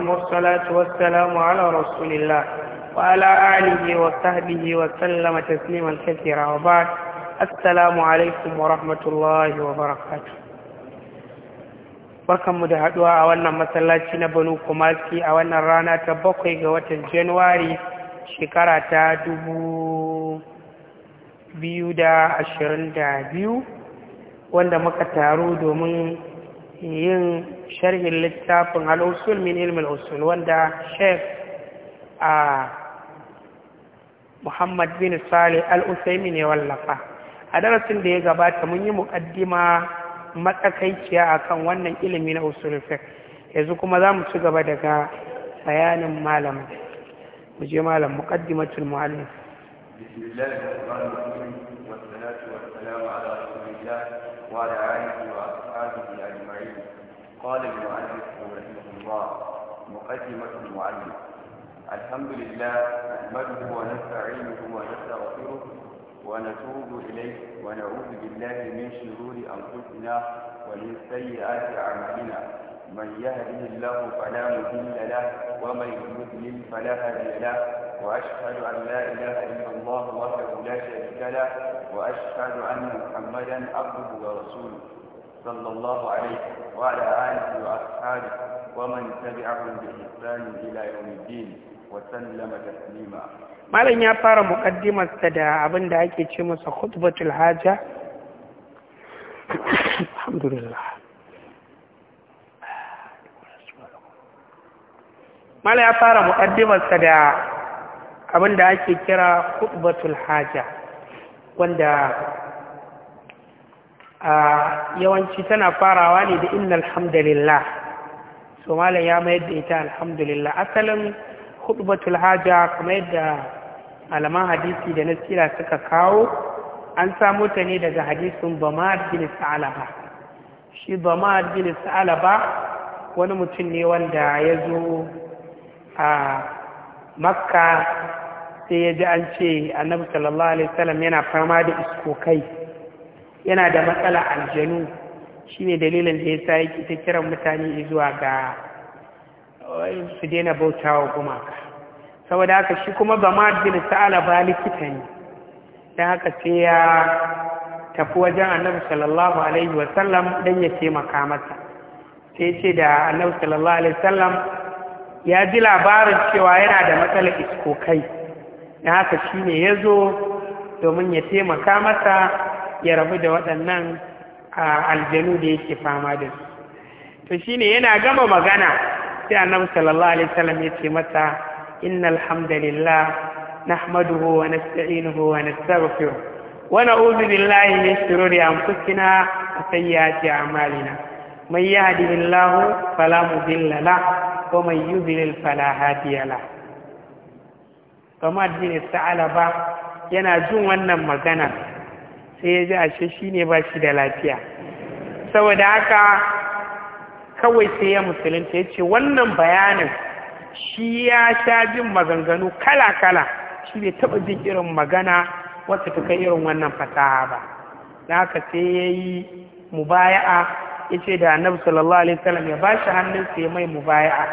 والصلاة والسلام على رسول الله وعلى آله وصحبه وسلم تسليما كثيرا وبعد السلام عليكم ورحمة الله وبركاته barkanmu da haɗuwa a wannan masallaci na banu kumasi a wannan rana ta bakwai ga watan januwari shekara ta dubu biyu da ashirin da biyu wanda muka taru domin yin sharhin littafin al'usul min ilmin usul wanda sheikh a muhammad bin salih al'usaimi ne wallafa a darasin da ya gabata mun yi muƙaddima matsakaiciya kan wannan ilimi na usul yanzu kuma za mu ci gaba daga bayanin malam mu je malam muqaddimatul muallif bismillahir rahmanir rahim wassalatu wassalamu ala rasulillah wa ala alihi قال المؤلف رحمه الله مقدمة المعلم الحمد لله نحمده ونستعينه ونستغفره ونتوب إليه ونعوذ بالله من شرور أنفسنا ومن سيئات أعمالنا من يهده الله فلا مضل له ومن يضلل فلا هادي له وأشهد أن لا إله إلا الله وحده لا شريك له وأشهد أن محمدا عبده ورسوله صلى الله عليه وعلى آله وأصحابه ومن تبعهم بإحسان إلى يوم الدين وسلم تسليما ya fara mukaddimarsa da abin ake ce masa khutbatul haja alhamdulillah malam ya fara mukaddimarsa da abin da ake kira khutbatul haja wanda yawanci tana farawa ne da inna alhamdulillah so malam ya mayar da ita alhamdulillah asalin hudubatul hajja kamar yadda malaman hadisi da nasira suka kawo an samu ta ne daga hadisin bamar bin sa'alaba shi bamar bin sa'alaba wani mutum ne wanda ya zo a makka sai ya ji an ce annabi sallallahu alaihi wasallam yana fama da iskokai yana da matsala aljanu shine dalilin da yasa yake ta kiran mutane zuwa ga su daina bautawa gumaka saboda haka shi kuma ba ma bin sa'ala ba likita ne ta haka sai ya tafi wajen annabi sallallahu alaihi wasallam don ya taimaka masa sai ce da annabi sallallahu alaihi wasallam ya ji labarin cewa yana da matsalar iskokai na haka shi ne ya zo domin ya taimaka masa ya rabu da waɗannan aljanu da yake fama da su to shine yana gama magana sai annabi sallallahu alaihi salam ya ce mata innal hamdalillah nahmaduhu wa nasta'inuhu wa nastaghfiruh wa na'udhu billahi min shururi anfusina wa sayyiati a'malina man yahdihillahu fala mudilla lahu wa man yudlil fala hadiya lahu kamar jini sa'alaba yana jin wannan magana sai ya ji ashe shi ne ba shi da lafiya saboda haka kawai sai ya musulunta ya ce wannan bayanin shi ya sha jin maganganu kala-kala shi bai taɓa jin irin magana wata ta kai irin wannan fasaha ba da haka sai ya yi mubaya'a ya ce da annabi sallallahu alaihi wasallam ya ba shi sai ya mai mubaya'a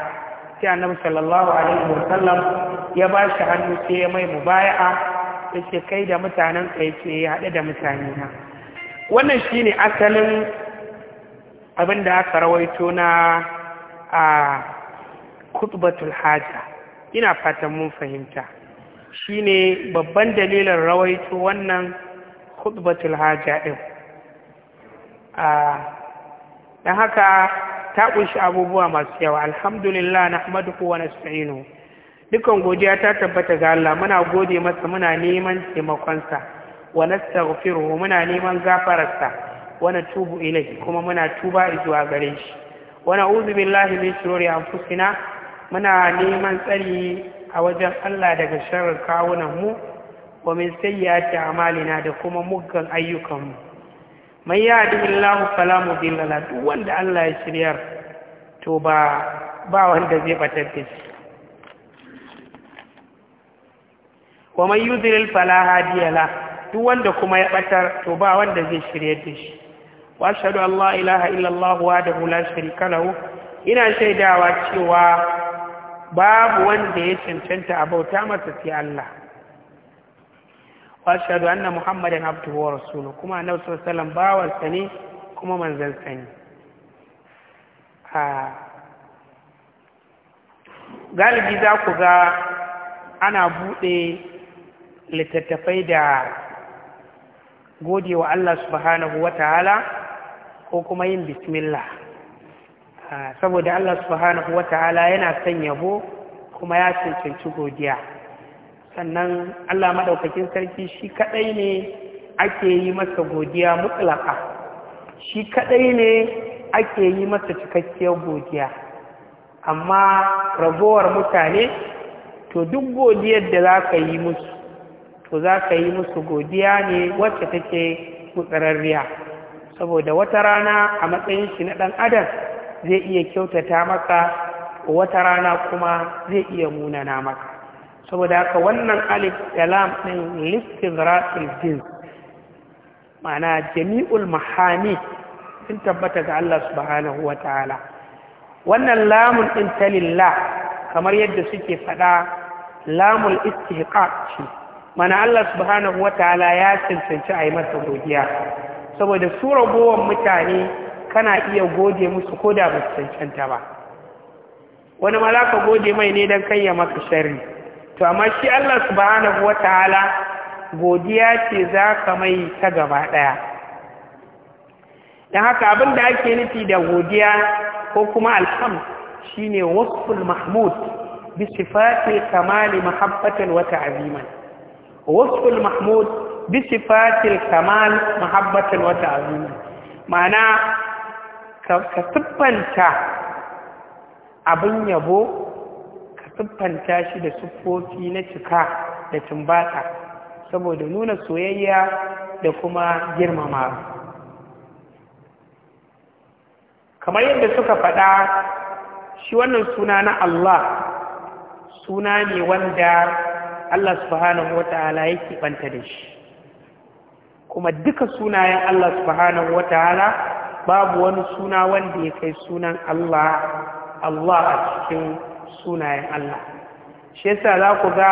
sai annabi sallallahu alaihi wasallam ya ba shi hannu sai ya mai mubaya'a ya ce kai da mutanen ka ce eh, haɗe da mutane na wannan shi ne asalin abin da aka rawaito na a kutubatul haja ina fatan mun fahimta shi ne babban dalilin rawaito wannan kutubatul haja ɗin Dan haka ta ƙunshi abubuwa masu yawa alhamdulillah na hamadu kowane su dukan godiya ta tabbata ga Allah muna gode masa muna neman taimakonsa wa nastaghfiruhu muna neman gafararsa wa natubu ilayhi kuma muna tuba zuwa gare shi wa na'udhu billahi min shururi anfusina muna neman tsari a wajen Allah daga sharrin kawunan mu wa min sayyiati a'malina da kuma muggan ayyukan mu man yahdihillahu fala mudilla lahu wanda Allah ya shiryar to ba ba wanda zai batar da shi wa man yudlil fala hadiya la duk wanda kuma ya batar to ba wanda zai shirye da shi wa ashhadu an la ilaha illa allah wahdahu la sharika lahu ina shaidawa cewa babu wanda ya cancanta a bauta masa sai Allah wa ashhadu anna muhammadan abduhu wa rasuluhu kuma annabi sallallahu alaihi wasallam ne kuma manzon sa ne galibi za ku ga ana buɗe littattafai da gode wa Allah subhanahu wa ta'ala ko kuma yin bismillah ah, saboda Allah subhanahu wa ta'ala yana son yabo kuma ya cancanci godiya sannan Allah maɗaukakin sarki shi kaɗai ne ake yi masa godiya mutlaka shi kaɗai ne ake yi masa cikakkiyar godiya amma ragowar mutane to duk godiyar da za ka yi musu to za ka yi musu godiya ne wacce take mutsararriya. saboda wata rana a matsayin shi na ɗan adam zai iya kyautata maka wata rana kuma zai iya munana maka saboda haka wannan alif da lam ɗin listin ra'il jins ma'ana jami'ul mahani sun tabbata ga Allah subhanahu wa ta'ala wannan lamun ɗin ta lillah kamar yadda suke faɗa lamul istihqaq ce mana Allah subhanahu wa ta'ala ya cancanci a yi masa godiya saboda su ragowar mutane kana iya gode musu ko da ba cancanta ba wani malaka gode mai ne don kai ya maka sharri to amma shi Allah subhanahu wa ta'ala godiya ce za ka mai ta gaba ɗaya don haka abin da ake nufi da godiya ko kuma alham shine wasful mahmud bi sifati kamali mahabbatan wata ta'ziman ووصف المحمود بصفات الكمال محبة وتعظيما معنى كتبنتا abin yabo ka siffanta shi da siffofi na cika da tumbatsa saboda nuna soyayya da kuma girmama kamar yadda suka faɗa shi wannan suna na Allah suna ne wanda Allah subhanahu wata'ala yake banta da shi kuma duka sunayen Allah subhanahu wata'ala babu wani suna wanda ya kai sunan Allah Allah a cikin sunayen Allah shi yasa za ku ga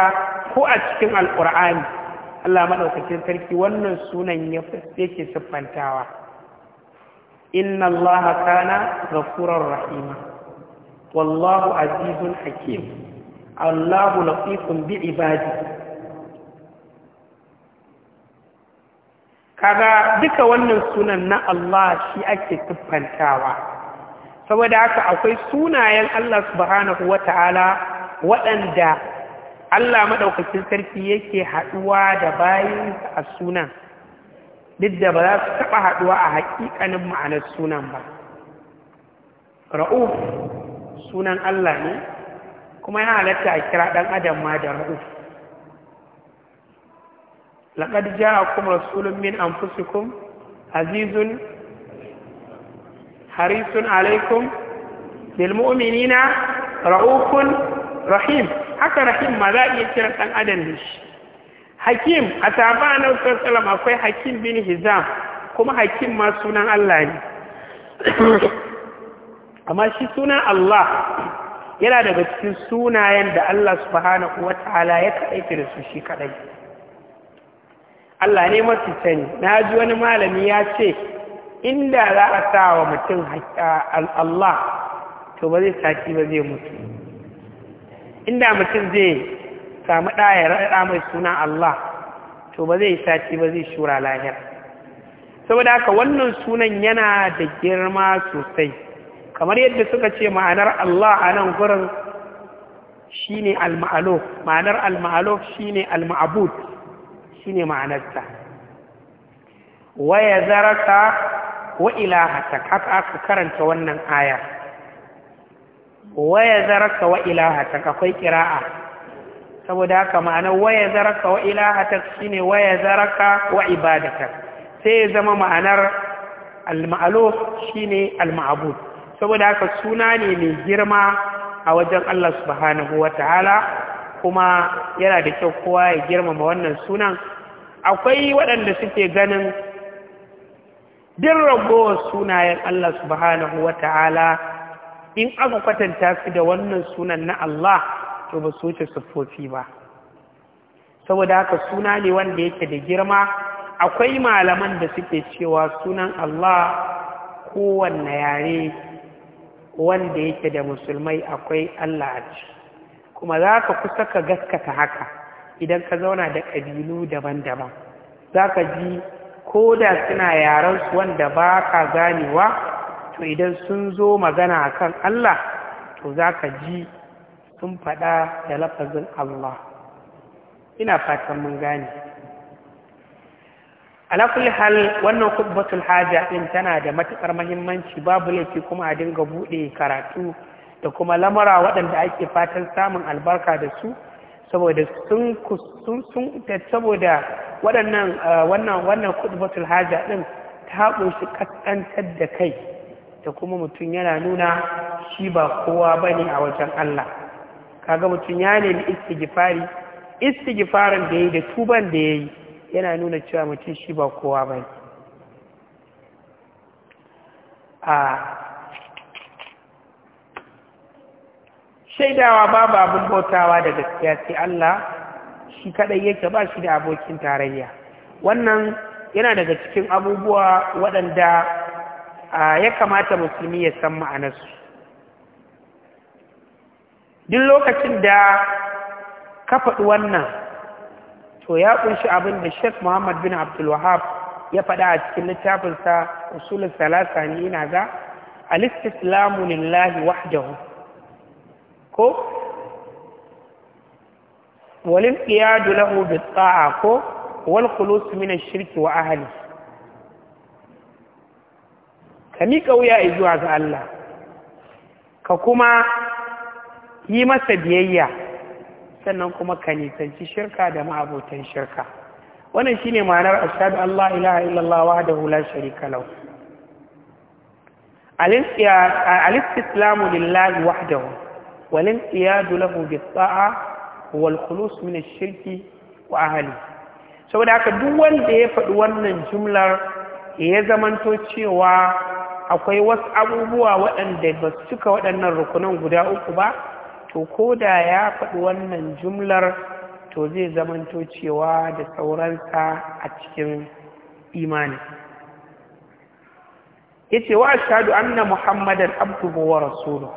ko a cikin alkur'ani Allah maɗaukakin sarki wannan sunan ya yake siffantawa inna Allah kana gafurar rahima wallahu azizun hakim Allahu latifun bi ibadi kaga duka wannan sunan na Allah shi ake tuffantawa saboda haka akwai sunayen Allah subhanahu wata'ala waɗanda Allah maɗaukakin sarki yake haɗuwa da bayan a sunan duk da ba za su taɓa haɗuwa a haƙiƙanin ma'anar sunan ba Ra'u sunan Allah ne kuma yana halatta a kira ɗan adam ma da ra'uf a kuma rasulun min fusikun azizun harisun alaikum bilmominina ra'ukun, rahim haka rahim ma za a iya kira ɗan adam da shi hakim a a na Salam akwai hakim bin hizam kuma hakim ma sunan Allah ne amma shi sunan Allah yana daga cikin sunayen da Allah subhanahu wa ta'ala ya kaɗaita da su shi kaɗai Allah ne mafi sani na ji wani malami ya ce inda za a sa wa mutum Allah to ba zai sati ba zai mutu inda mutum zai samu ɗaya raɗa mai suna Allah to ba zai sati ba zai shura lahira saboda haka wannan sunan yana da girma sosai kamar yadda suka ce ma'anar Allah a nan gurin shi ne al-ma'aluf ma'anar al-ma'aluf shi ne al-ma'abud shi ne ma'anarta waya zaraka wa ilahataka haka aka karanta wannan aya waya zaraka wa ilahataka akwai kira'a saboda haka ma'anar waya zaraka wa ilahataka shi ne waya zaraka wa ibadata sai ya zama ma'anar al-ma'aluf shi ne al-ma'abud saboda haka suna ne mai girma a wajen Allah subhanahu wa ta'ala kuma yana da kyau kowa ya girmama wannan sunan akwai waɗanda suke ganin din ragowar sunayen Allah subhanahu wa ta'ala in aka kwatanta su da wannan sunan na Allah to ba su wuce siffofi ba saboda haka suna ne wanda yake da girma akwai malaman da suke cewa sunan Allah kowanne yare wanda yake da musulmai akwai Allah a ci kuma za ka kusa ka gaskata haka idan ka zauna da ƙabilu daban-daban za ka ji ko da suna yarensu wanda ba ka ganewa to idan sun zo magana a kan Allah to za ka ji sun faɗa da lafazin Allah ina fatan mun gane ala kulli hal wannan khutbatul haja din tana da matukar muhimmanci babu laifi kuma a dinga bude karatu da kuma lamara waɗanda ake fatan samun albarka da su saboda sun sun saboda waɗannan eh, wannan wannan khutbatul haja din ta kunshi kaskantar da kai da kuma mutum yana nuna shi ba kowa bane a wajen Allah kaga mutum ya nemi istighfari istighfarin da yayi da tuban da yayi yana nuna cewa mutum shi ba kowa ba a shaidawa babu abin bautawa da gaskiya sai Allah shi kadai yake ba shi da abokin tarayya wannan yana daga cikin abubuwa waɗanda ya kamata musulmi ya san ma'anarsu duk lokacin da ka faɗi wannan to ya kunshi abin da Sheikh Muhammad bin Abdul Wahhab ya faɗa a cikin littafinsa usul salasa ne ina ga al-istislamu lillahi wahdahu ko wal inqiyadu lahu bit ta'a ko wal khulus min ash-shirki wa ahli ka miƙa wuya zuwa ga Allah ka kuma yi masa biyayya sannan kuma ka nisanci shirka da ma'abotan shirka wannan shine ma'anar ashhadu Allah la ilaha illallah wahdahu la sharika lahu al-istislamu lillahi hu walin inqiyadu lahu bis-sa'a wal khulus min shirki wa Sau saboda haka duk wanda ya faɗi wannan jumlar ya zamanto cewa akwai wasu abubuwa waɗanda ba su cika waɗannan rukunan guda uku ba to ko da ya faɗi wannan jumlar to zai zamanto cewa da sauransa a cikin imani ya ce wa ashadu Annan muhammadan abduhu wa rasuluhu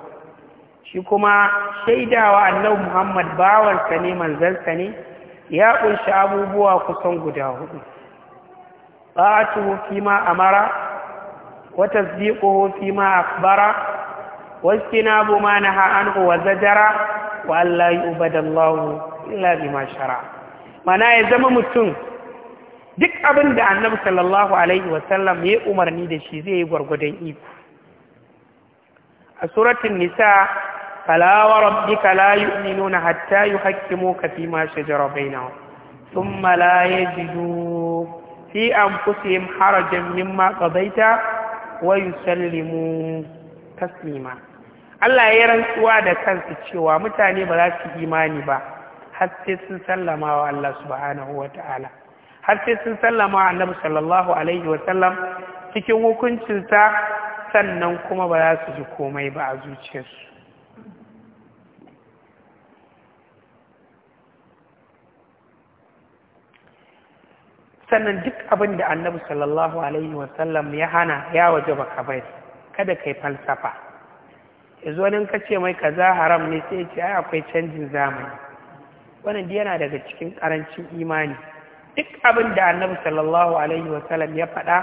shi kuma shaidawa annabi muhammad bawansa ne manzansa ne ya ƙunshi abubuwa kusan guda hudu tuhu fi ma amara wata tasdiquhu fi ma bara. واجتناب ما نهى عنه وزجر وأن لا يؤبد الله إلا بما شرع mana ya zama mutum duk abinda annabi sallallahu alaihi wasallam ya umarni da shi zai yi gwargwadon iko a suratun nisa falawa rabbika la yu'minuna hatta yuhaqqimuka fi ma shajara bainahum thumma la yajidu fi anfusihim harajan mimma qadaita wa Allah ya rantsuwa da kansu cewa mutane ba za su imani ba har sai sun sallama wa Allah subhanahu wa ta'ala har sai sun sallama wa annabi sallallahu alaihi wa sallam cikin hukuncinsa sannan kuma ba za su ji komai ba a zuciyarsu sannan duk abin da annabi sallallahu alaihi wa sallam ya hana ya waje baka kada kai falsafa ya zo nan ka ce mai kaza haram ne sai ce ai akwai canjin zamani wannan yana daga cikin karancin imani duk abin da annabi sallallahu alaihi sallam ya faɗa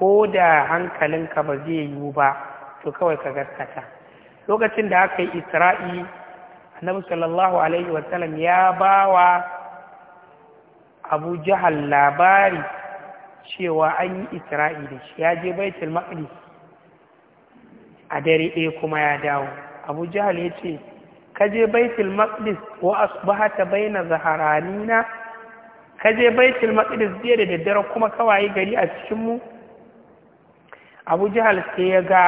ko da hankalinka ba zai yiwu ba to kawai ka gaskata lokacin da aka yi isra'i annabi sallallahu alaihi sallam ya ba wa abu jahal labari cewa an yi isra'i da shi ya je baitul maqdis a dare ɗaya kuma ya dawo abu jahal ya ce ka je baitul maqdis wa asbahata baina zaharanina ka je baitul maqdis jiya da daddare kuma kawai gari a cikin mu abu jahal sai ya ga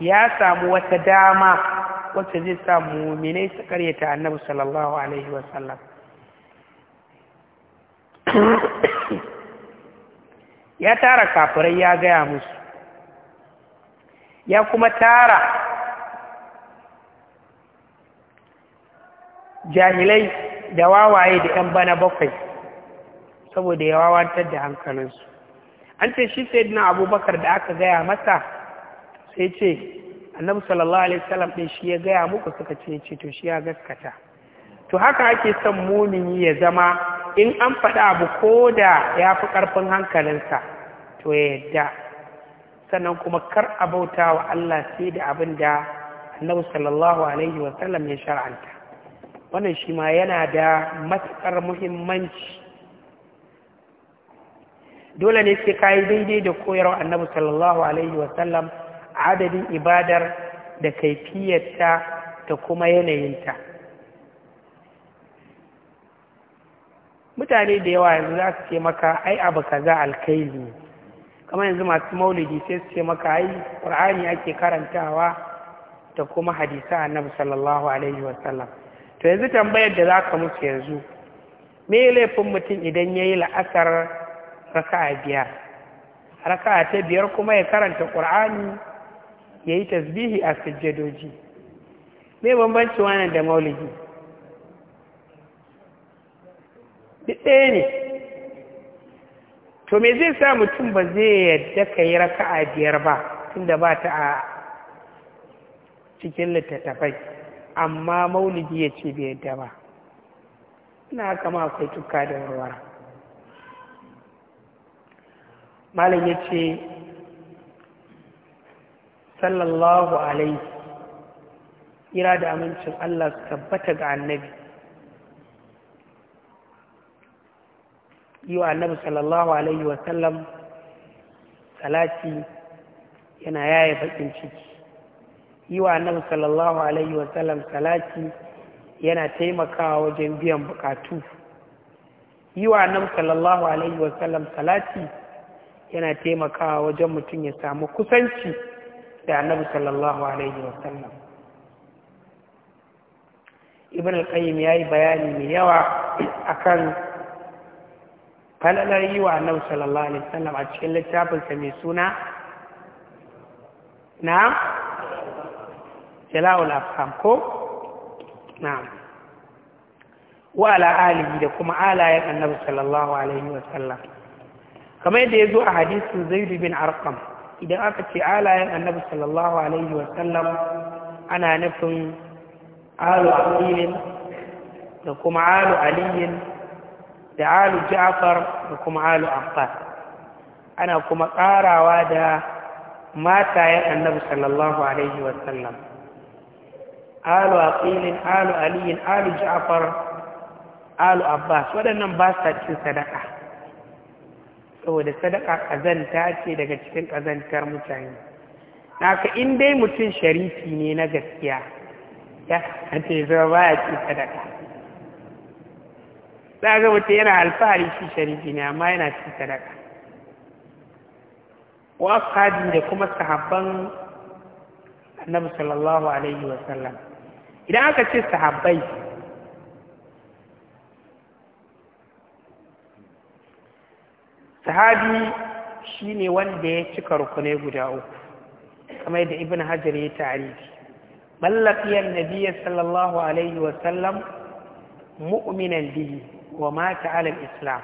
ya samu wata dama wacce zai sa muminai su karyata annabi sallallahu alaihi wasallam ya tara kafirai ya gaya musu ya kuma tara jahilai da wawaye da ‘yan bana bakwai saboda ya wawantar da hankalinsu an ce shi sai dina abubakar da aka gaya masa sai ce annabi sallallahu alaihi wasallam ɗin shi ya gaya muku suka ce ce to shi ya gaskata to haka ake son yi ya zama in an faɗa abu ko da ya fi ƙarfin hankalinsa to ya yadda sannan kuma kar a bauta wa Allah sai da abin da annabi sallallahu alaihi wasallam ya shar'anta wannan shi ma yana da matuƙar muhimmanci dole ne sai ka daidai da koyarwa annabi sallallahu alaihi wasallam adadin ibadar da kaifiyarta da kuma yanayinta mutane da yawa yanzu za su ce maka ai abu kaza alkaili ne kamar yanzu masu maulidi sai su ce maka ai qur'ani ake karantawa da kuma hadisa annabi sallallahu alaihi wa sallam to yanzu tambayar da zaka musu yanzu me laifin mutum idan yayi la'asar raka'a biyar raka'a ta biyar kuma ya karanta qur'ani yayi tasbihi a sujjadoji me bambanci wannan da maulidi duk ɗaya ne to me zai sa mutum ba zai yadda ka yi a biyar ba tunda ba ta a cikin littattafai amma maulidi ya ce bai yadda ba ina ma akwai tuka da warwara malam ya ce sallallahu alaihi kira da amincin Allah su tabbata ga annabi yi wa annabi sallallahu alaihi wasallam salati yana yaye bakin ciki yi wa annabi sallallahu alaihi wasallam salati yana taimakawa wajen biyan bukatu yi wa annabi sallallahu alaihi wasallam salati yana taimakawa wajen mutum ya samu kusanci da annabi sallallahu alaihi wasallam ibn al-qayyim yayi bayani mai yawa akan falalar yi wa annabi sallallahu alaihi wasallam a cikin littafinsa mai suna na'am jala'ul afham ko na'am wa ala alihi da kuma alayen annabi sallallahu alaihi wasallam kamar yadda ya zo a hadisin zaid bin arqam idan aka ce alayen annabi sallallahu alaihi wasallam ana nufin alu aqilin da kuma alu aliyin da alu ja'far da kuma alu Abbas ana kuma karawa da matayen annabi sallallahu alaihi wasallam alu aqilin alu aliyin alu ja'far alu abbas waɗannan ba sa cin sadaka saboda sadaka ƙazanta ce daga cikin ƙazantar mutane naka in dai mutum sharifi ne na gaskiya ya kasance zama ba ya cin sadaka za a gabata yana alfahari shi sharifi ne amma yana cikin sadaka wa kadi da kuma sahabban annabi sallallahu alaihi wa sallam idan aka ce sahabbai sahabi shine wanda ya cika rukunai guda uku kamar yadda ibn hajar ya tarihi mallakiyar nabiya sallallahu alaihi wa mu'minan bihi wa mata alal islam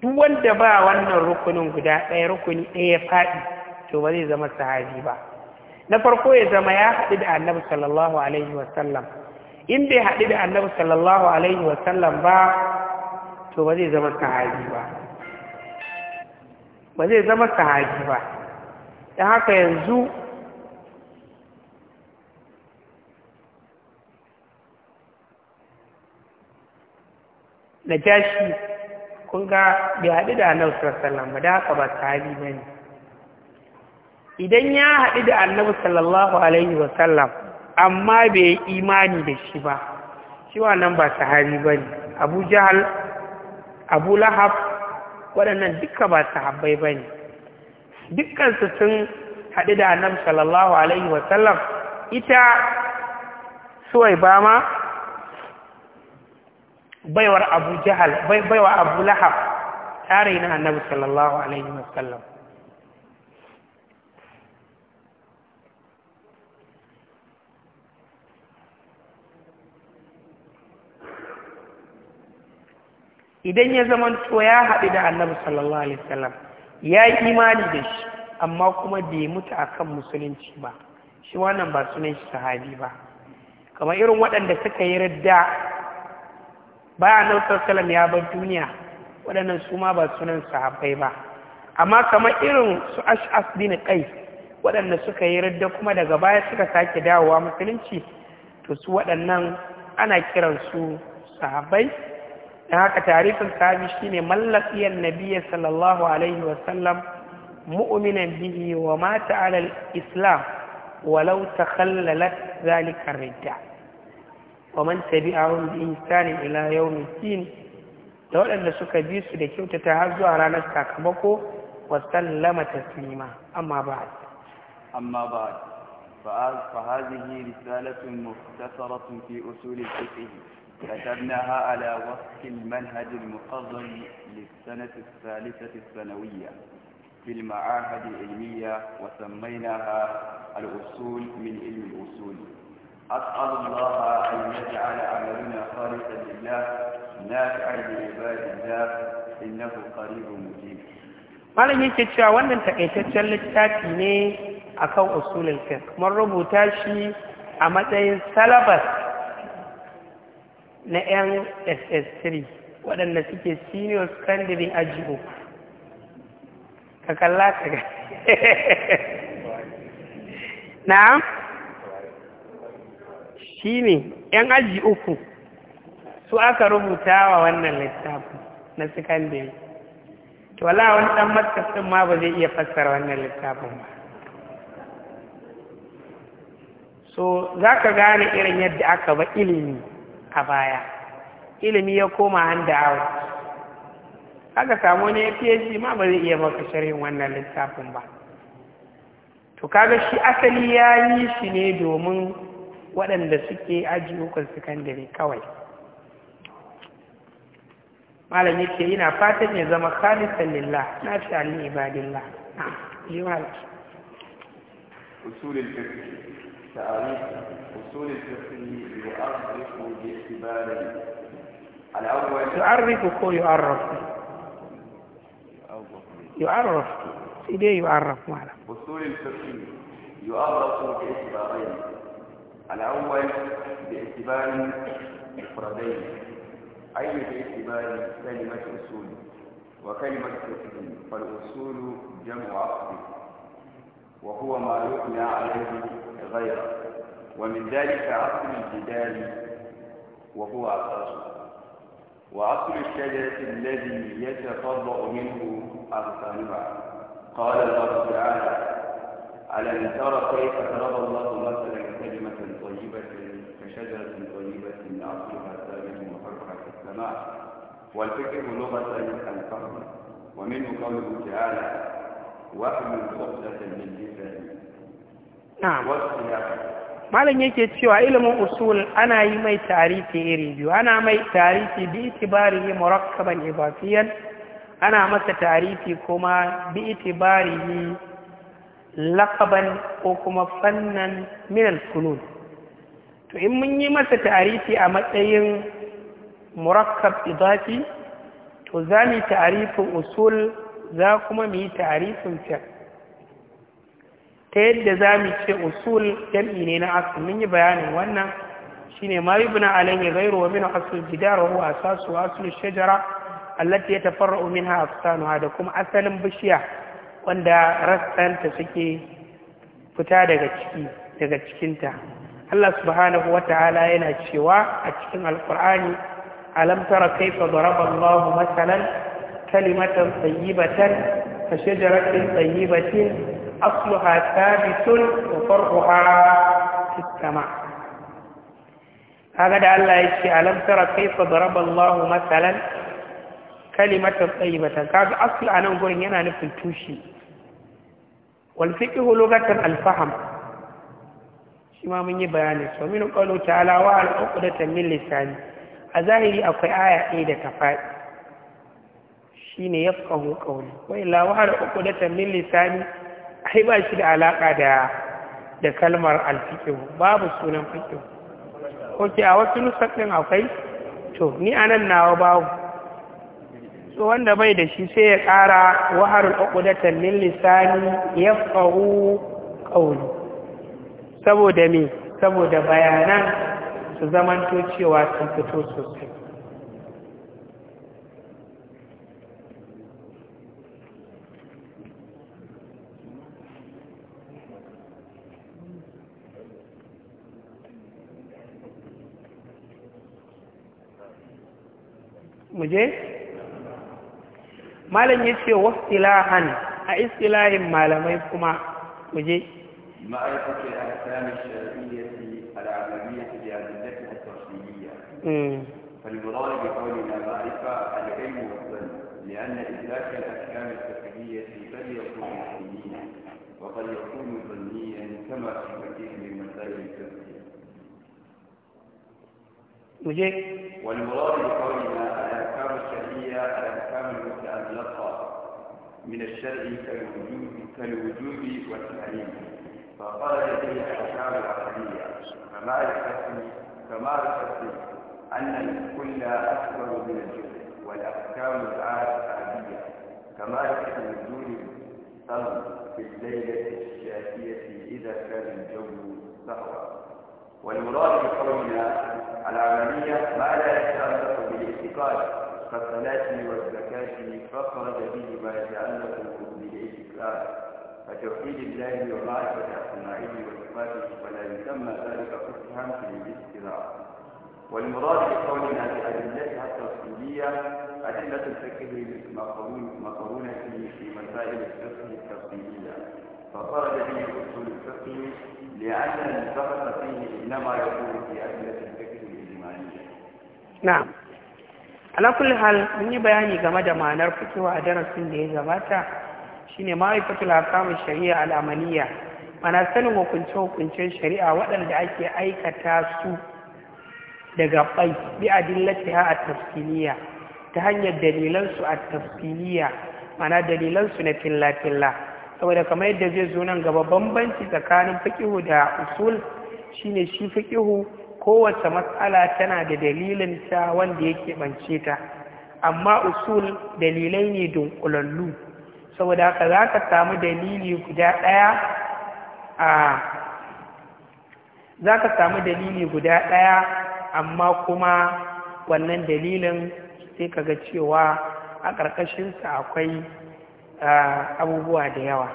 duk wanda ba wannan rukunin guda ɗaya rukuni ɗaya ya faɗi to ba zai zama sahabi ba na farko ya zama ya haɗu da annabi sallallahu alaihi wasallam in bai haɗu da annabi sallallahu alaihi wasallam ba to ba zai zama sahabi ba ba zai zama sahabi ba don haka yanzu Na jashi kun ga bai haɗu da annabi sallallahu ba da haka ba sahabi ba ne idan ya haɗu da annabi sallallahu alaihi wasallam amma bai yi imani da shi ba shi nan ba sahabi ba ne abu jahal abu lahab waɗannan duka ba sahabbai ba ne dukansu sun haɗu da annabi sallallahu alaihi wasallam ita suwai ba ma baiwar abu jahal baiwa abu lahab tare na annabi sallallahu alaihi wasallam idan ya zama to ya haɗu da annabi sallallahu alaihi wasallam ya yi imani da shi amma kuma bai mutu akan musulunci ba shi wannan ba sunan shi sahabi ba kamar irin waɗanda suka yi radda bayan annabi ya bar duniya waɗannan su ma ba sunan sahabbai ba amma kamar irin su ash'as bin kai waɗanda suka yi radda kuma daga baya suka sake dawowa musulunci to su waɗannan ana kiransu sahabbai don haka tarihin sahabi shine mallakiyar nabiya sallallahu alaihi wasallam mu'minan bihi wa mata alal islam walau takhallalat zalika ridda ومن تبعهم بإنسان إلى يوم الدين da waɗanda suka bi su da على har zuwa وسلم تسليما أما بعد أما بعد فهذه رسالة مختصرة في أصول الفقه كتبناها على وصف المنهج المقرر للسنة الثالثة الثانوية في المعاهد العلمية وسميناها الأصول من علم الأصول أسأل الله أن يجعل عملنا خالصا لله نافعا لعباد الله إنه قريب مجيب malam yake cewa wannan takaitaccen littafi ne akan usulul fiqh mun rubuta shi a matsayin salabas na yan ss3 waɗanda suke senior secondary ajiyo ka kalla ka ga na'am ne yan aji uku su aka rubuta wa wannan littafin na sakandare to wala wani ɗan matasin ma ba zai iya fassara wannan littafin ba so za ka gane irin yadda aka ba ilimi a baya ilimi ya koma hand out aka samu ne shi ma ba zai iya maka sharhin wannan littafin ba to kaga shi asali ya yi shi ne domin waɗanda suke aji hukun sakandare kawai malam yake yana fatan ya zama khalisan lillah na fi alin ibadillah limalki usul al-fiqh ta'arif usul al-fiqh yu'arrif bi istibar al-awwal yu'arrif ko yu'arraf yu'arraf sai dai yu'arraf malam usul da fiqh ba da istibarin الأول باعتبار مفردين أي باعتبار كلمة أصول وكلمة فقه فالأصول جمع عقد وهو ما يقنع عليه غيره ومن ذلك عقل الجدال وهو أساسه وعقل الشجرة الذي يتفضأ منه أغصانها قال الله تعالى على ان ترى كيف ترضى الله مثلا كلمه طيبه كشجره طيبه لاصلها سالم وفرحه في السماء والفكر لغه الفهم ومنه قوله تعالى واحمل خبزه من جسدي نعم ما لن تشوى علم أصول أنا يمي تعريفي إريبيو أنا مي تعريفي بإعتباره مركبا إضافيا أنا مس تعريفي كما بإعتباره Lakaban ko kuma fannan minal kunun. to in mun yi masa ta'arifi a matsayin murakkab idafi to za mu yi ta'arifin usul za kuma mu yi ta'arifin fi'l ta yadda za mu ce usul jam'i ne na asl mun yi bayanin wannan shine ma yubna alayhi ghayru wa min asl jidar wa huwa wa asl shajara allati tafarra minha aqsanuha da kuma asalin bishiya wanda rassanta suke fita daga ciki daga cikinta Allah subhanahu wa ta'ala yana cewa a cikin alkur'ani alam tara kaifa daraba Allah masalan kalimatan tayyibatan ka shajaratin tayyibatin asluha thabitun wa far'uha fis sama kaga da Allah yake alam tara kaifa daraba Allah masalan kalimatan tayyibatan kaga aslu anan gurin yana nufin tushi wal fiqhu alfaham, shima fahm mun yi bayani to min qalu ta'ala wa al uqdat a zahiri akwai aya ɗaya da ta fa shi ne yafkahu qawli wa illa wa al uqdat min lisan ai ba shi da alaka da da kalmar al fiqhu babu sunan fiqhu ko ki a wasu nusaddin akwai to ni anan nawa babu to wanda bai da shi sai ya ƙara wahar uqdatan min lisani yafqahu qawli saboda me saboda bayanan su zamanto cewa sun fito sosai malam ya ce wasilahan a istilahin malamai kuma kuje ma'aikatar ahkam shari'iyyah al-adamiyyah bi adillatiha at-tafsiliyyah hmm. فالمراد بقولنا معرفة العلم والظن لأن إدراك الأحكام التفسيرية قد يكون علميا وقد يكون ظنيا كما في كثير من مسائل الفقه. والمراد بقولنا الأحكام المتعلقة من الشرع كالوجوب كالوجوب والتحريم فقال لديه الأحكام العقلية فمعرفة فمعرفة أن الكل أكبر من الجزء والأحكام العادية كمعرفة وجود الثمر في الليلة الشافية إذا كان الجو سهرا والمراد بقولنا العملية ما لا يتعلق بالاعتقاد كالصلاة والزكاة فخرج به ما يتعلق بالإشكال فتوحيد الله ومعرفة أسمائه وصفاته فلا يسمى ذلك فقها في الاستراع والمراد بقولنا بأدلتها التفصيلية أدلة الفكر مقرونة في مسائل الفقه التفصيلية فخرج به أصول الفقه لأن البحث فيه إنما يكون في أدلة الفقه الإجمالية. نعم. ala kulli hal mun yi bayani game da ma'anar fitowa a darasin da ya gabata shine ma'aikatul ahkamu shari'a al'amaliya mana sanin hukunce hukuncen shari'a waɗanda ake aikata su daga bai bi ha at-tafsiliya ta hanyar dalilansu su at-tafsiliya mana dalilan na filla filla saboda kamar yadda zai zo nan gaba bambanci tsakanin fiqihu da usul shine shi fiqihu kowace matsala tana da dalilinta wanda yake bance ta amma usul dalilai ne dunkulallu saboda haka za ka samu dalili guda ɗaya a za ka samu dalili guda ɗaya amma kuma wannan dalilin sai ka ga cewa a ƙarƙashinsa akwai abubuwa da yawa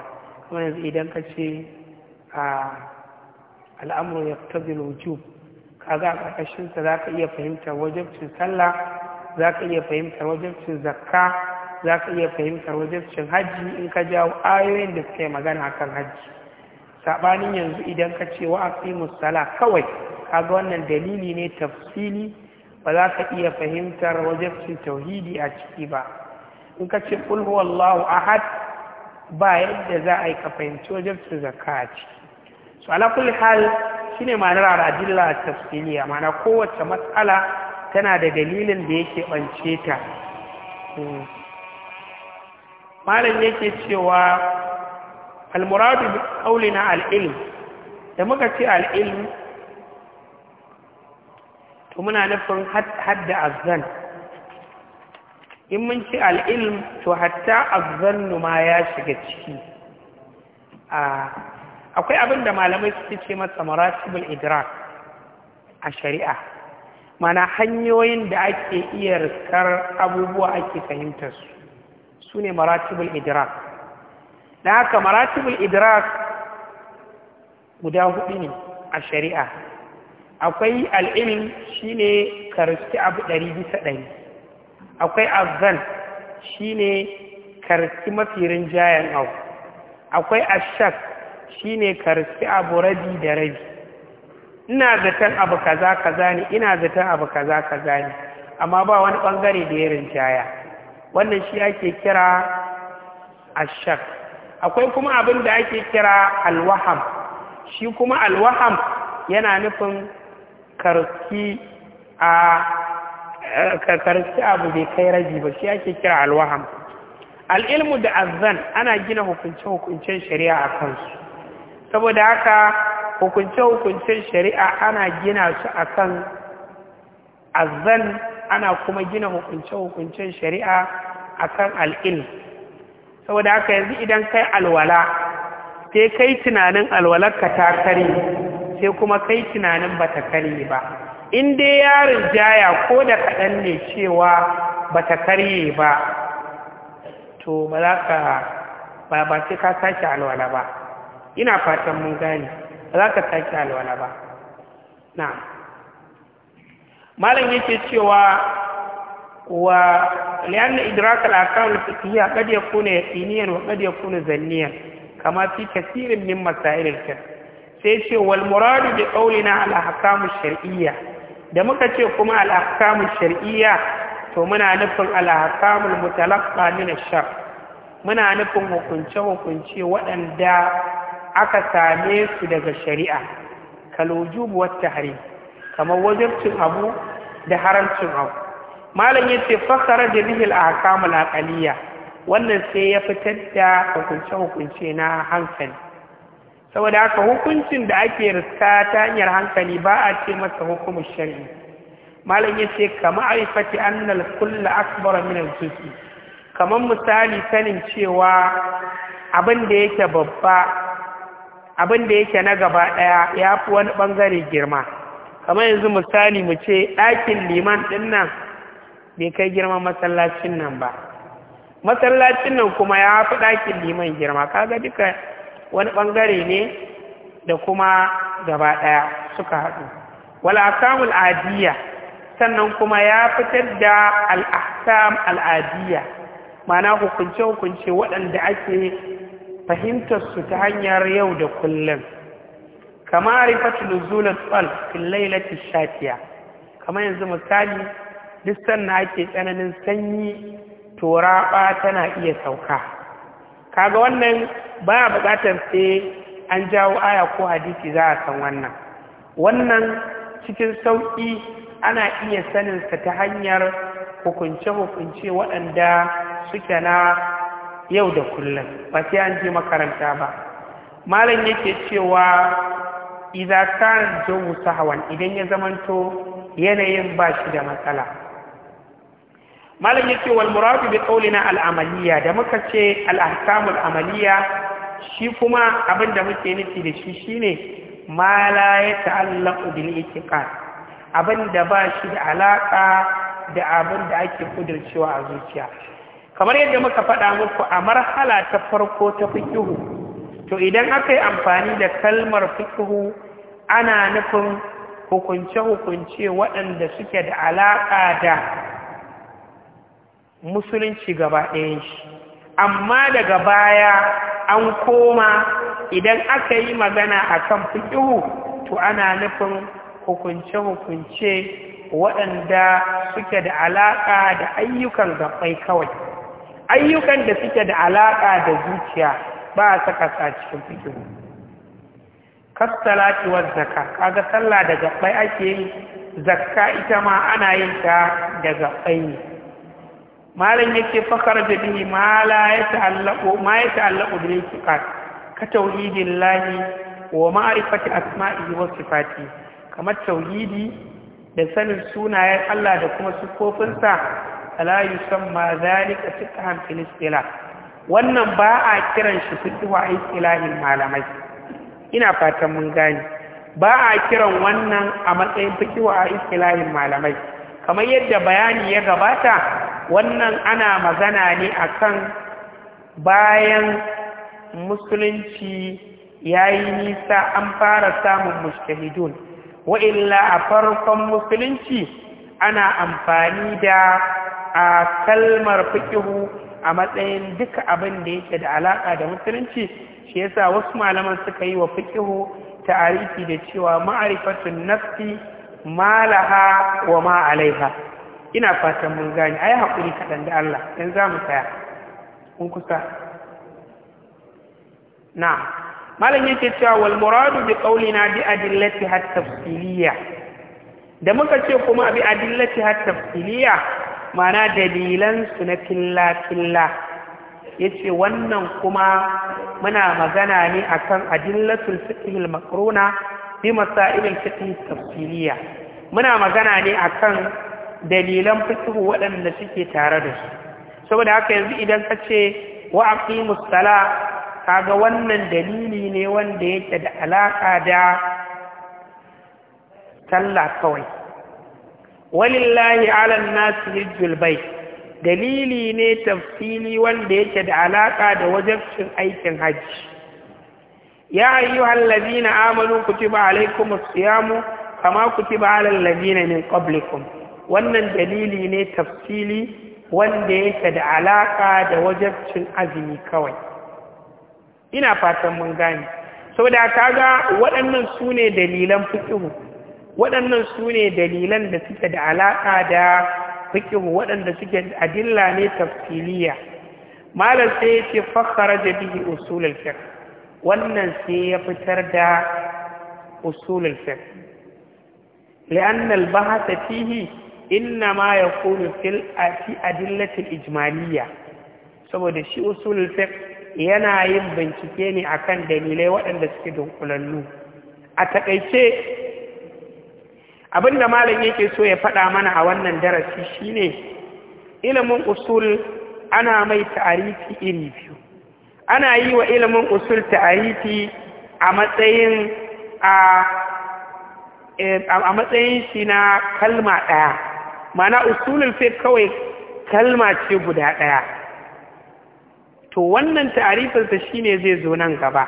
kuma yanzu idan ka ce al'amuru ya tabi wujub kaga a ƙarƙashinsa za ka iya fahimtar wajabcin sallah za ka iya fahimtar wajabcin zakka za ka iya fahimtar wajabcin hajji in ka jawo ayoyin da suka yi magana akan hajji saɓanin yanzu idan ka ce wa aqimus musala kawai kaga wannan dalili ne tafsili ba za ka iya fahimtar wajabcin tauhidi a ciki ba in ka ce qul huwallahu ahad ba yadda za a yi ka fahimci wajabcin zakka a ciki so ala kulli hal shine ma'anar radilla tafsiliya mana kowace matsala tana da dalilin da yake ɓance ta malam yake cewa almuradu bi qaulina na da muka ce al to muna nufin hadda zan, in mun ce al to hatta azzan ma ya shiga ciki a akwai abin da malamai suke ce masa maratibul idrak a shari'a mana hanyoyin da ake iya riskar abubuwa ake fahimtarsu su ne maratibul idrak da haka maratibul idrak guda hudu ne a shari'a akwai al'ilm shi ne karfi abu ɗari bisa ɗari akwai azan shi ne karfi mafi rinjayen abu akwai ashak Shi ne karfi abu rabi da rabi ina zaton abu kaza kaza ne ina zaton abu kaza kaza ne amma ba wani bangare da ya jaya wannan shi ake kira ashak akwai kuma abin da ake kira alwaham shi kuma alwaham yana nufin karsi a abu bai kai rabi ba shi ake kira alwaham al'ilmu da azan ana gina hukunce-hukuncen shari'a a kansu saboda haka hukunce-hukuncen shari'a ana gina su a kan azan ana kuma gina hukunce-hukuncen shari'a a kan al'il saboda haka yanzu idan kai alwala sai kai tunanin alwalarka ta kare sai kuma kai tunanin ba ta kare ba in dai yarin jaya ko da kaɗan ne cewa ba ta kare ba to ba za ka ba ba sai ka sake alwala ba ina fatan mun gane ba za ka sake alwala ba na malam yake cewa wa lian idrak al ahkam al fiqhiyya qad yakuna yaqiniyan wa qad yakuna zanniyan kama fi kathirin min masail al fiqh sai ce wal muradu bi qawlina al ahkam al shar'iyya da muka ce kuma al ahkam al shar'iyya to muna nufin al ahkam al mutalaqqa min al shar' muna nufin hukunce hukunce waɗanda aka same su daga shari'a kalujub wa tahrim kamar wajibcin abu da haramcin abu malam yace fakara da bihil ahkam al aqliya wannan sai ya fitar da hukunce hukunce na hankali saboda haka hukuncin da ake riska ta hanyar hankali ba a ce masa hukumin shari'i malam yace kama arifati annal kullu akbar min al juz'i kamar misali sanin cewa abin da yake babba abin da yake na gaba ɗaya ya fi wani ɓangare girma kamar yanzu misali mu ce ɗakin liman ɗin nan bai kai girman masallacin nan ba masallacin nan kuma ya fi ɗakin liman girma kaga duka wani ɓangare ne da kuma gaba ɗaya suka haɗu wal'akamul adiya sannan kuma ya fitar da al'ahkam al'adiyya ma'ana hukunce-hukunce waɗanda ake fahimtarsu ta hanyar yau da kullum kama rifatu nuzulat fal fil lailati shatiya kama yanzu misali duk sanna ake tsananin sanyi turaba tana iya sauka kaga wannan baya bukatar sai an jawo aya ko hadisi za a san wannan wannan cikin sauki ana iya saninsa ta hanyar hukunce-hukunce waɗanda suke na yau da kullum ba sai an je makaranta ba malam yake cewa idza kan jawu musahawan idan ya zamanto yanayin ba shi da matsala malam yake wal muradu bi qawlina al amaliya da muka ce al al amaliya shi kuma abin da muke nufi da shi shine ma la ya ta'allaqu bil itiqad abin da ba shi da alaka da abin da ake kudircewa a zuciya kamar yadda muka faɗa muku a marhala ta farko ta fikihu to idan aka yi amfani da kalmar fikihu ana nufin hukunce-hukunce waɗanda suke da alaƙa da musulunci gaba ɗayan shi amma daga baya an koma idan aka yi magana a kan fikihu to ana nufin hukunce-hukunce waɗanda suke da alaƙa da ayyukan gaɓai kawai ayyukan da suke da alaƙa da zuciya ba a saka sa cikin fikihu kastalati wa zaka. kaga sallah da gabbai ake yi zakka ita ma ana yin ta da gabbai ne malam yake fakar da bihi ma la ya ma ya bil iqad ka lahi wa ma'rifati asma'ihi wa sifatihi kamar tauhidi da sanin sunayen Allah da kuma sukofinsa fala yusamma zalika fiqhan fil istilah wannan ba a kiran shi fiqhu istilahin malamai ina fatan mun gane ba a kiran wannan a matsayin fiqhu a istilahin malamai kamar yadda bayani ya gabata wannan ana magana ne akan bayan musulunci yayi nisa an fara samun mujtahidun wa illa a farkon musulunci ana amfani da a kalmar fikihu a matsayin duka abin da yake da alaƙa da musulunci shi yasa wasu malaman suka yi wa fikihu ta'arifi da cewa ma'arifatun nafsi malaha wa ma alaiha ina fatan mun gane ai hakuri kaɗan da Allah dan za mu tsaya kun kusa na malam yake cewa wal muradu bi qawlina bi adillati hatta tafsiliya da muka ce kuma bi adillati hatta tafsiliya mana dalilansu na filla-filla ya ce wannan kuma muna magana ne a kan adillatul fiqhil makrona bi masailin fiqhi tafsiriya muna magana ne a kan dalilan fiqhu waɗanda suke tare da su saboda haka yanzu idan ka ce wa aqimus sala kaga wannan dalili ne wanda yake da alaka da sallah kawai walillahi ala nasi hijjul bai dalili ne tafsili wanda yake da alaka da wajabcin aikin hajji ya ayyu allazina amanu kutiba alaikumus siyamu kama kutiba alal ladina min qablikum wannan dalili ne tafsili wanda yake da alaka da wajabcin azumi kawai ina fatan mun gane saboda kaga waɗannan sune dalilan fikihu waɗannan su ne dalilan da suke da alaƙa da fikihu waɗanda suke a adilla ne tafsiliya malam sai ya ce fakhara da bihi usulul fiqh wannan sai ya fitar da usulul fiqh li'anna al-bahth fihi innama yakunu fil fi adillati al-ijmaliyya saboda shi usulul fiqh yana yin bincike ne akan dalilai waɗanda suke dunkulannu a takaice Abin da malam yake so ya faɗa mana a wannan darasi shine ilimin usul ana mai ta'arifi iri biyu ana yi wa ilimin usul ta'arifi a matsayin a e, matsayin shi na kalma ɗaya mana usulun fi kawai kalma ce guda ɗaya to wannan ta'arifinsa shine zai zo nan gaba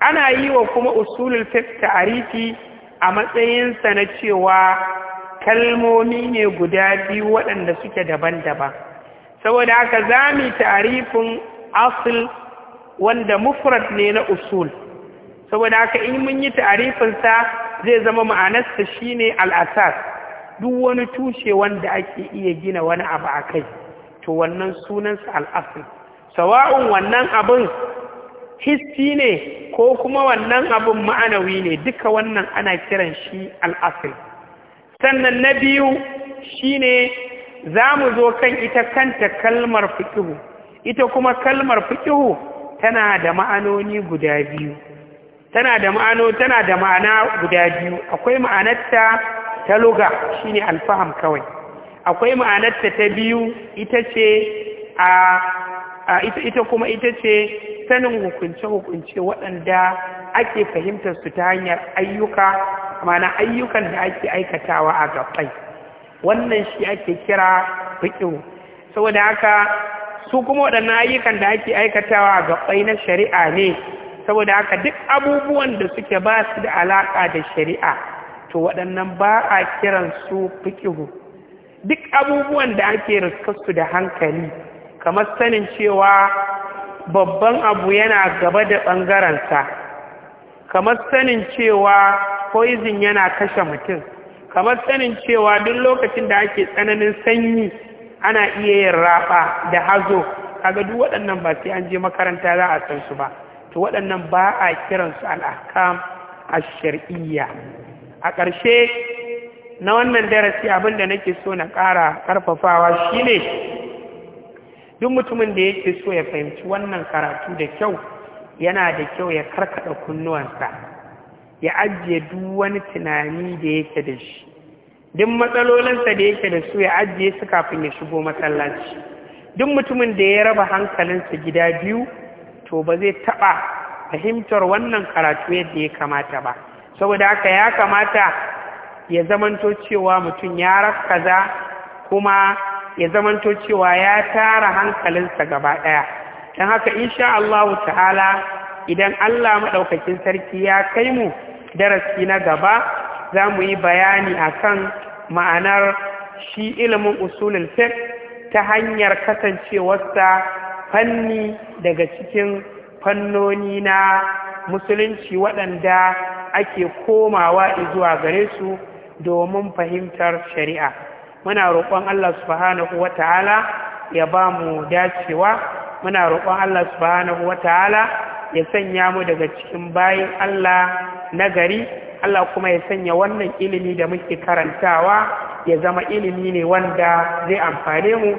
ana yi wa kuma usulul fiqh ta'arifi a matsayinsa na cewa kalmomi ne guda biyu waɗanda suke daban-daban saboda haka za mu tarifin asil wanda mufrad ne na usul saboda haka in mun yi tarifinsa zai zama ma'anarsa shine al'asas duk wani tushe wanda ake iya gina wani abu a kai to wannan sunansa al'asil sawa'un wannan abin hissi ne ko kuma wannan abin ma'anawi ne duka wannan ana kiran shi al'asir sannan na biyu shi ne za mu zo kan ita kanta kalmar fikihu ita kuma kalmar fikihu tana da ma'anoni guda biyu tana da ma'ano tana da ma'ana guda biyu akwai ma'anarta ta luga ne alfaham kawai akwai ma'anarta ta biyu ita ce a ita kuma ita ce sanin hukunce-hukunce waɗanda ake fahimtar su ta hanyar ayyuka mana ayyukan da ake aikatawa a gabai wannan shi ake kira fiƙihu saboda haka su kuma waɗannan ayyukan da ake aikatawa a gabai na shari'a ne saboda haka duk abubuwan da suke ba su da alaƙa da shari'a to waɗannan ba a kiran su fiƙihu duk abubuwan da ake riskarsu da hankali kamar sanin cewa babban abu yana gaba da ɓangarensa kamar sanin cewa poison yana kashe mutum kamar sanin cewa duk lokacin da ake tsananin sanyi ana iya yin raɓa da hazo kaga duk waɗannan ba sai an je makaranta za a san su ba to waɗannan ba a kiransu al'akam a shar'iyya a ƙarshe na wannan darasi abin da nake so na ƙara ƙarfafawa shine duk mutumin da yake so ya fahimci wannan karatu da kyau yana da kyau ya karkada kunnuwansa ya ajiye duk wani tunani da yake da shi duk matsalolinsa da yake da su ya ajiye su kafin ya shigo matsalaci. duk mutumin da ya raba hankalinsa gida biyu to ba zai taɓa fahimtar wannan karatu yadda ya kamata ba saboda haka ya kamata ya zamanto cewa mutum ya rakaza kuma ya zamanto cewa ya tara hankalinsa gaba ɗaya don haka insha Allah ta'ala idan Allah maɗaukakin sarki ya kai mu darasi na gaba za mu yi bayani a kan ma'anar shi ilimin usulul fiqh ta hanyar kasancewarsa fanni daga cikin fannoni na musulunci waɗanda ake komawa zuwa gare su domin fahimtar shari'a muna roƙon Allah subhanahu ta'ala ya ba mu dacewa muna roƙon Allah subhanahu ta'ala ya sanya mu daga cikin bayin Allah nagari. Allah kuma ya sanya wannan ilimi da muke karantawa ya zama ilimi ne wanda zai amfane mu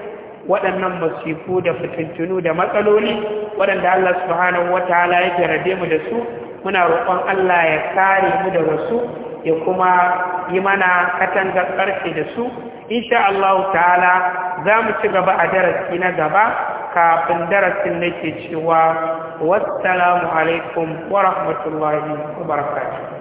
waɗannan masifu da fitintunu da matsaloli waɗanda Allah subhanahu ta'ala ya jarade mu da su muna roƙon Allah ya kare mu da wasu ya kuma yi mana katangar ƙarfe da su insha Allah ta'ala za mu ci gaba a darasi na gaba kafin darasin nake cewa wassalamu alaikum wa rahmatullahi wa barakatuh